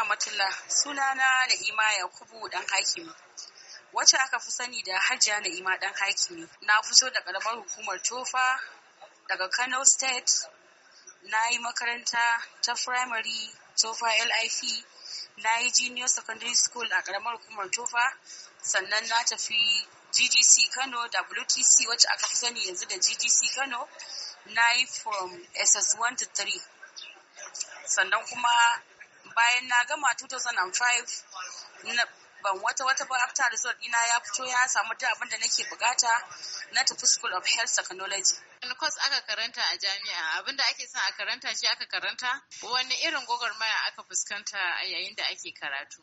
rahmatullah sunana Na'ima Yakubu dan Hakimi. Wacce aka fi sani da Hajiya Na'ima dan Hakimi. Na fito da karamar hukumar Tofa daga Kano State. Na yi makaranta ta primary Tofa LIP Na yi junior secondary school a karamar hukumar Tofa. Sannan na tafi GGC Kano WTC wacce aka fi sani yanzu da GGC Kano. Na yi from SS1 to 3. Sannan kuma bayan na gama 2005 na ban wata wata ba after result ina ya fito ya samu duk abin da nake bukata na tafi school of health technology wani kwas aka karanta a jami'a abin abinda ake son a karanta shi aka karanta wani irin gwagwarmaya aka fuskanta a yayin da ake karatu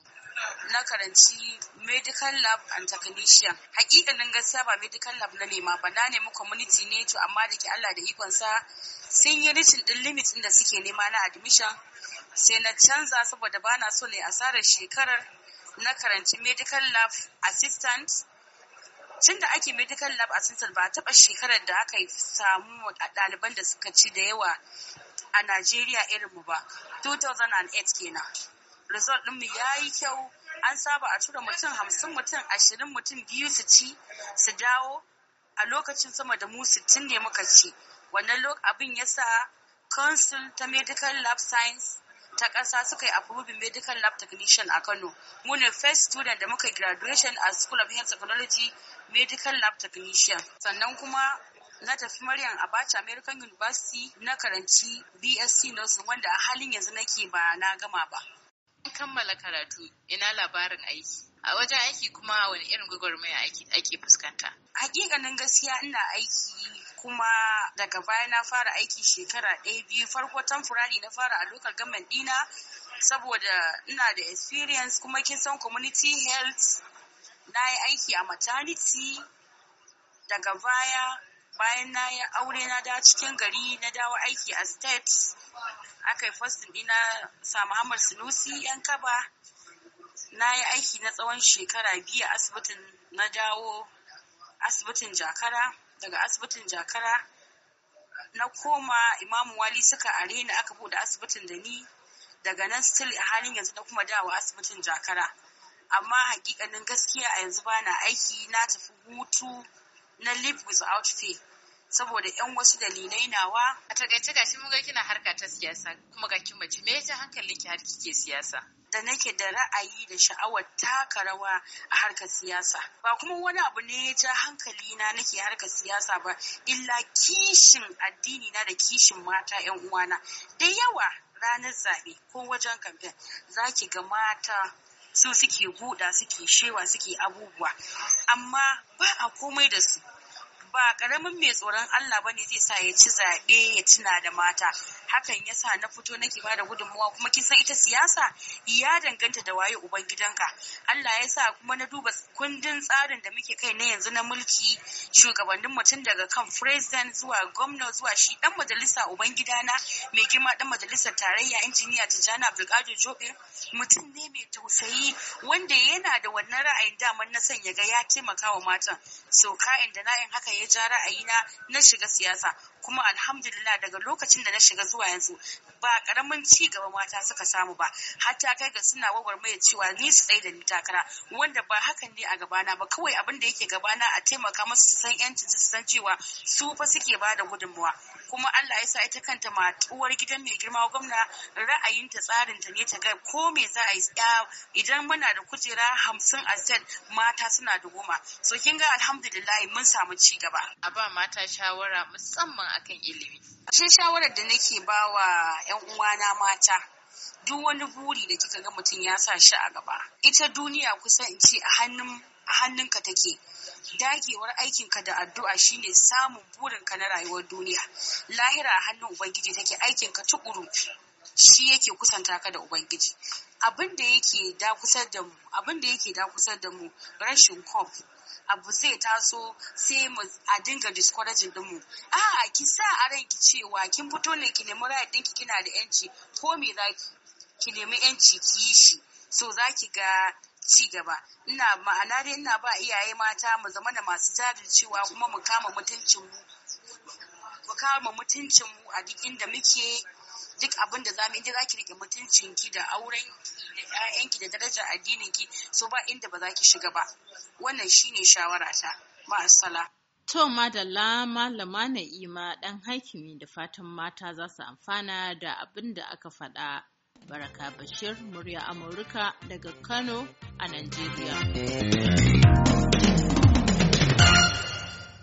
na karanci medical lab and technician hakikanin gaskiya ba medical lab na nema ba na nemi community ne to amma da ke Allah da ikonsa sun yi rishin din limit da suke nema na admission sai na canza saboda ba na so ne asarar shekarar na karanci medical lab assistant tun da ake medical lab assistant ba a taba shekarar da aka yi samu a ɗaliban da suka ci da yawa a najeriya irinmu ba 2008 kenan result ɗinmu ya yi kyau an saba a tura mutum hamsin mutum ashirin mutum biyu su ci su dawo a lokacin sama da mu sittin ne muka ci wannan abin ya sa council ta medical lab science ta ƙasa suka yi approving medical lab technician a Kano. Mu ne first student da muka graduation a School of Health Technology medical lab technician. Sannan kuma na tafi Maryam Abacha American University na karanci BSc Nursing wanda a halin yanzu nake ba na gama ba. kammala karatu ina labarin aiki a wajen aiki kuma wani irin gwagwarmaya ake fuskanta hakikanin gaskiya ina aiki kuma daga baya na fara aiki shekara ɗaya biyu farko tamfurari na fara a lokal gaman dina saboda ina da experience kuma kin san community health na yi aiki a maternity daga baya bayan na yi aure na da cikin gari na dawo aiki a state aka yi fostin dina sa muhammad sinusi yan kaba na yi aiki na tsawon shekara biyu a asibitin na dawo asibitin jakara daga asibitin jakara na koma imamu wali suka are ni aka bude asibitin da ni daga nan still a halin yanzu na kuma dawo asibitin jakara amma hakikanin gaskiya a yanzu bana aiki na tafi hutu na live without fear saboda yan wasu dalilai nawa a takaice ga mun ga kina harka ta siyasa kuma ga kin mace me yasa hankalin ki har kike siyasa da nake da ra'ayi da sha'awar taka rawa a harkar siyasa ba kuma wani abu ne ya ja hankali na nake harkar siyasa ba illa kishin addini na da kishin mata yan uwana da yawa ranar zaɓe ko wajen kamfen za ki ga mata su suke buɗa suke shewa suke abubuwa amma ba a komai da su ba karamin mai tsoron Allah bane zai sa ya ci zaɓe ya tuna da mata hakan yasa na fito nake bada gudunmawa kuma kin san ita siyasa ya danganta da waye uban gidanka Allah ya sa kuma na duba kundin tsarin da muke kai na yanzu na mulki shugabannin mutum daga kan president zuwa gwamna zuwa shi dan majalisa uban gidana mai girma dan majalisar tarayya injiniya Tijjani Abdulkadir Jobe mutum ne mai tausayi wanda yana da wannan ra'ayin daman na sanya ga ya taimaka wa matan so ka'in da na'in haka ya ya ja ra'ayina na shiga siyasa kuma alhamdulillah daga lokacin da na shiga zuwa yanzu ba karamin ci gaba mata suka samu ba hatta kai ga suna mai cewa ni su tsaye da ni takara wanda ba hakan ne a gabana ba kawai abin da yake gabana a taimaka musu su san yancin su san cewa su fa suke ba da gudunmuwa kuma Allah ya sa ita kanta matuwar gidan mai girma gwamna ra'ayinta tsarinta ne ta ga ko me za a yi idan muna da kujera hamsin a mata suna da goma so kin ga alhamdulillah mun samu ci gaba gaba a ba mata shawara musamman akan ilimi Ashe shawarar da nake ba wa yan uwana mata duk wani buri da kika ga mutum ya sa shi a gaba ita duniya kusan in ce a hannun a hannunka take dagewar aikinka da addu'a shine samun burinka na rayuwar duniya lahira a hannun ubangiji take aikinka tukuru shi yake kusanta ka da ubangiji abin da yake dakusar da mu da mu rashin kof abu zai taso sai mu a dinga discouraging din mu a ki sa a ranki cewa kin fito ne ki nemi rayar dinki kina da yanci ko me za ki nemi yanci ki yi shi so za ki ga ci gaba ina ma'ana dai ina ba iyaye mata mu zama da masu jajircewa kuma mu kama mutuncin mu kama mutuncin mu a duk inda muke duk abin da zamu inda zaki rike mutuncin ki da auren da ƴaƴan ki da darajar addinin ki so ba inda ba zaki shiga ba wannan shine shawara ta assala To madalla malama na'ima ɗan hakimi da fatan mata za su amfana da abin da aka faɗa. Baraka Bashir, murya Amurka daga Kano a Najeriya.